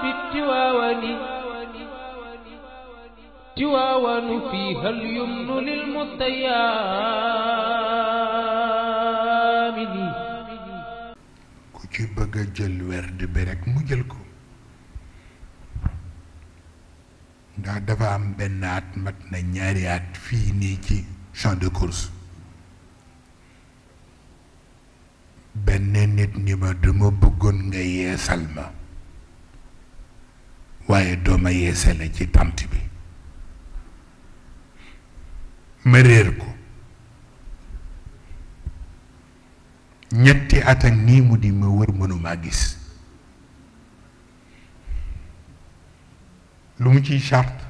في ku ci bëgg jël werd bi rekk mu jël ko ndax dafa am benn at mat na ñaari at fii nii ci champ de course benn nit ñi ma dama bëggoon nga yeesal ma waaye dooma yeesale ci tant bi ma réer ko ñetti at nii mu di ma wër mënumaa gis lu mu ciy charte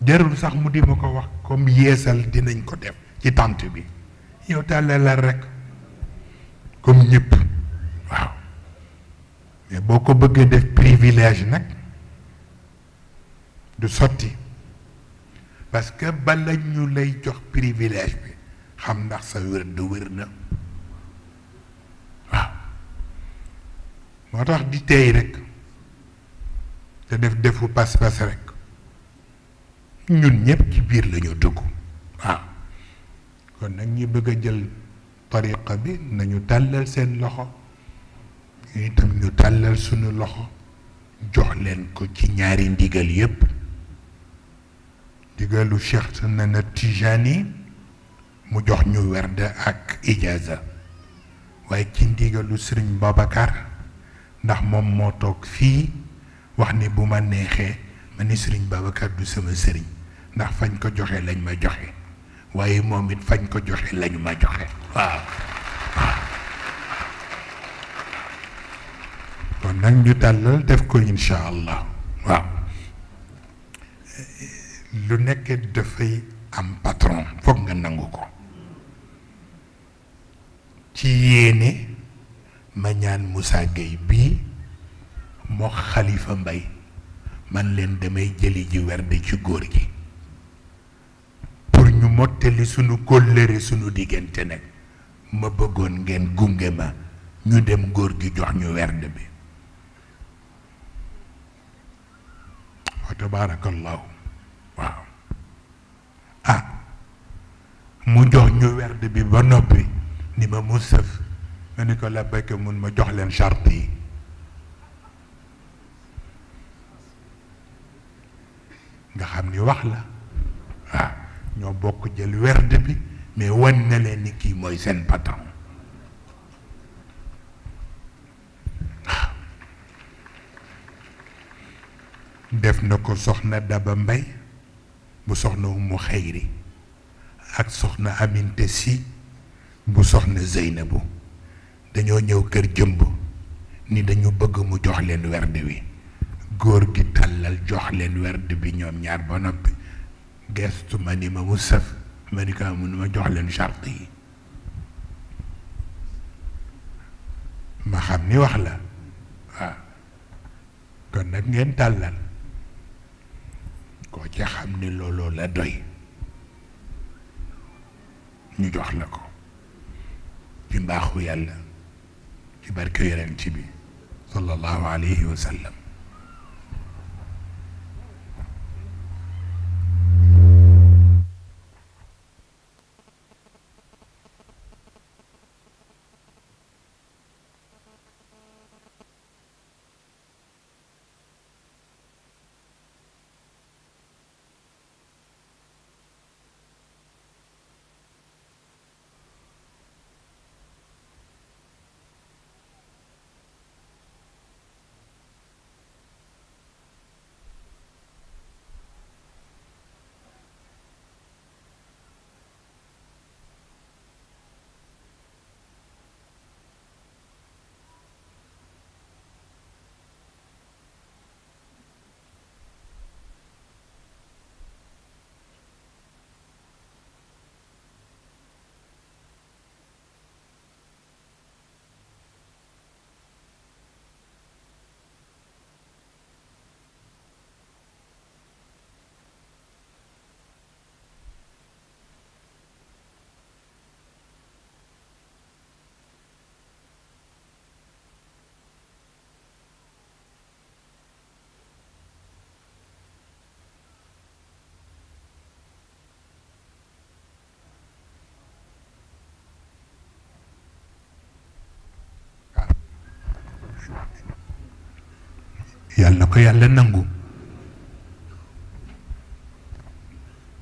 jarul sax mu di ma ko wax comme yeesal dinañ ko dem ci tant bi yow tàllalal rekk comme ñépp mais boo ko bëggee def privilège nag du sotti parce que bala ñu lay jox privilège bi xam ndax sa wér du wér na waaw moo tax di tey rekk te def defu pas-pas rek ñun ñëpp ci biir lañu dugg waaw kon nag ñi bëgg a jël tariqa bi nañu tàllal seen loxo ñu itam ñu tàllal sunu loxo jox leen ko ci ñaari ndigal yépp ndigalu Cheikh Sanana Tijani mu jox ñu werd ak ijaza waaye ci ndigalu Sëriñ babakar ndax moom moo toog fii wax ni bu ma neexee ma ni Sëriñ Babacar du sama sëriñ ndax fañ ko joxe lañ ma joxe waaye moom it fañ ko joxe lañu ma joxe waaw moom nag ñu tàllal def ko incha allah waaw lu nekk dafay am patron foog nga nangu ko ci yéene ma ñaan Moussa Gueye bii moo xalifa mbay man leen damay jëli ji werde ci góor gi pour ñu mottali sunu kóllëre sunu diggante nag ma bëggoon ngeen gunge ma ñu dem góor gi jox ñu werd bi fa tabaarakallaahu waaw ah mu jox ñu werd bi ba noppi ni ma mu sëf ma ni ko la béykat mun ma jox leen charte yi nga xam ni wax la waaw ñoo bokk jël werd bi mais wan na leen nit kii mooy seen patron def na ko soxna Daba Mbay bu soxna Umu Xayri ak soxna Aminte Si bu soxna Zeynabu dañoo ñëw kër jëmb ni dañu bëgg mu jox leen werd wi góor gi tàllal jox leen werd bi ñoom ñaar ba noppi gestu ma ni ma mu sëf ma ni ko amun ma jox leen chart yi ma xam ni wax la waaw kon nag ngeen tàllal koo ca xam ne looloo la doy ñu jox na ko ci mbaaxu yàlla ci barke yonent bi sallallahu alayhi wa sallam yàlla na ko yàlla nangu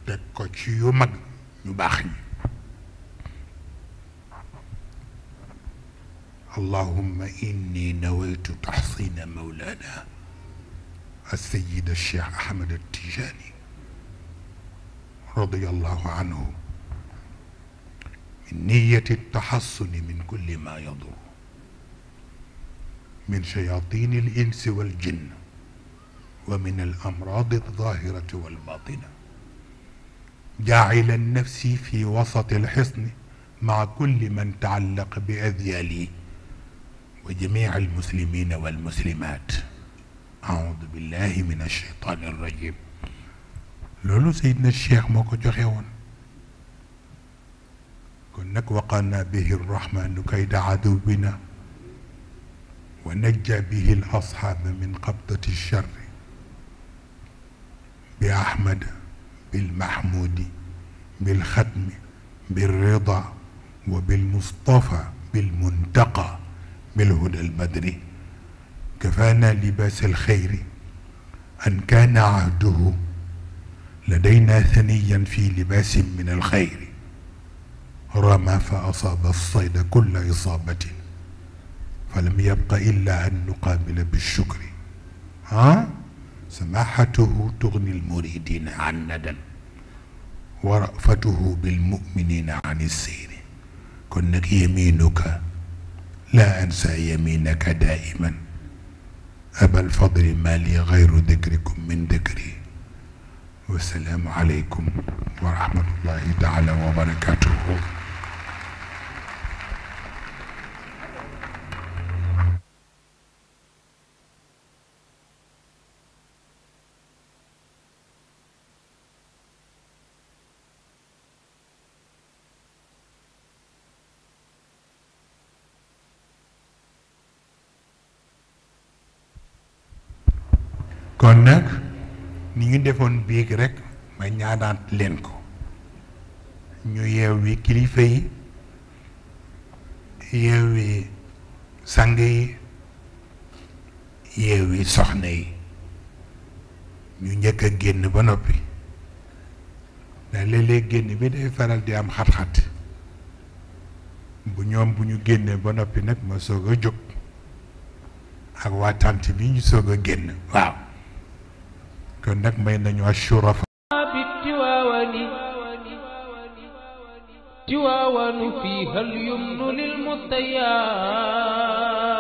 teg ko ci yu mag ñu baax ñi allahumma inni nawaytu taxsina mawlana السيد الشيخ أحمد التجاني رضي الله عنه من نية التحصن من كل ما يضر min shayaatini al insi wal jinn wa min al amraadi al zaahirati wal baatina jaacilan nafsi fi wasati al xisni maa kulli man taallaq bi adyaali wa jamiici al muslimiina wal muslimaat aoudu billahi min alsheytaani arrajim loolu Seydina Cheikh moo ko joxe woon kon nag waqanaa bihi arrahmaanu kayda aduwwinaa wa najja bihi al asxaaba min qabdati charri bi ahmad bil mahmudi bil xatmi bil rida wa bil mustafa bil muntaqa bil huda al badri kafaana libaas al xayri an kaana ahduhu لدينا ثنيا في لباس من الخير رمى فأصاب الصيد كل إصابة falam yabqa illa an nuqaamila bi shukri ah samaahatuhu tugni almuridina an nadan wa rafatuhu bilmuminina an isseyri kon nag yaminuka laa ansa yaminaka daiman abal fadli maa li gayru dikrikum min dikri wasalaamu aleykum wa rahmatullahi taala wa barakatuhu kon nag ni ñu defoon biig rekk ma ñaanaat leen ko ñu yeew yeewi kilifa yi yeewi sang yi yeewi soxna yi ñu njëkk a génn ba noppi ndax léeg-léeg génn bi day faral di am xat-xat bu ñoom bu ñu génnee ba noppi nag ma soog a jóg ak waa tànt bi ñu soog a génn waaw kon nag may nañu ashurafa bi tiwaawani tiwaawanu fiiha al yumnu lil mustayaa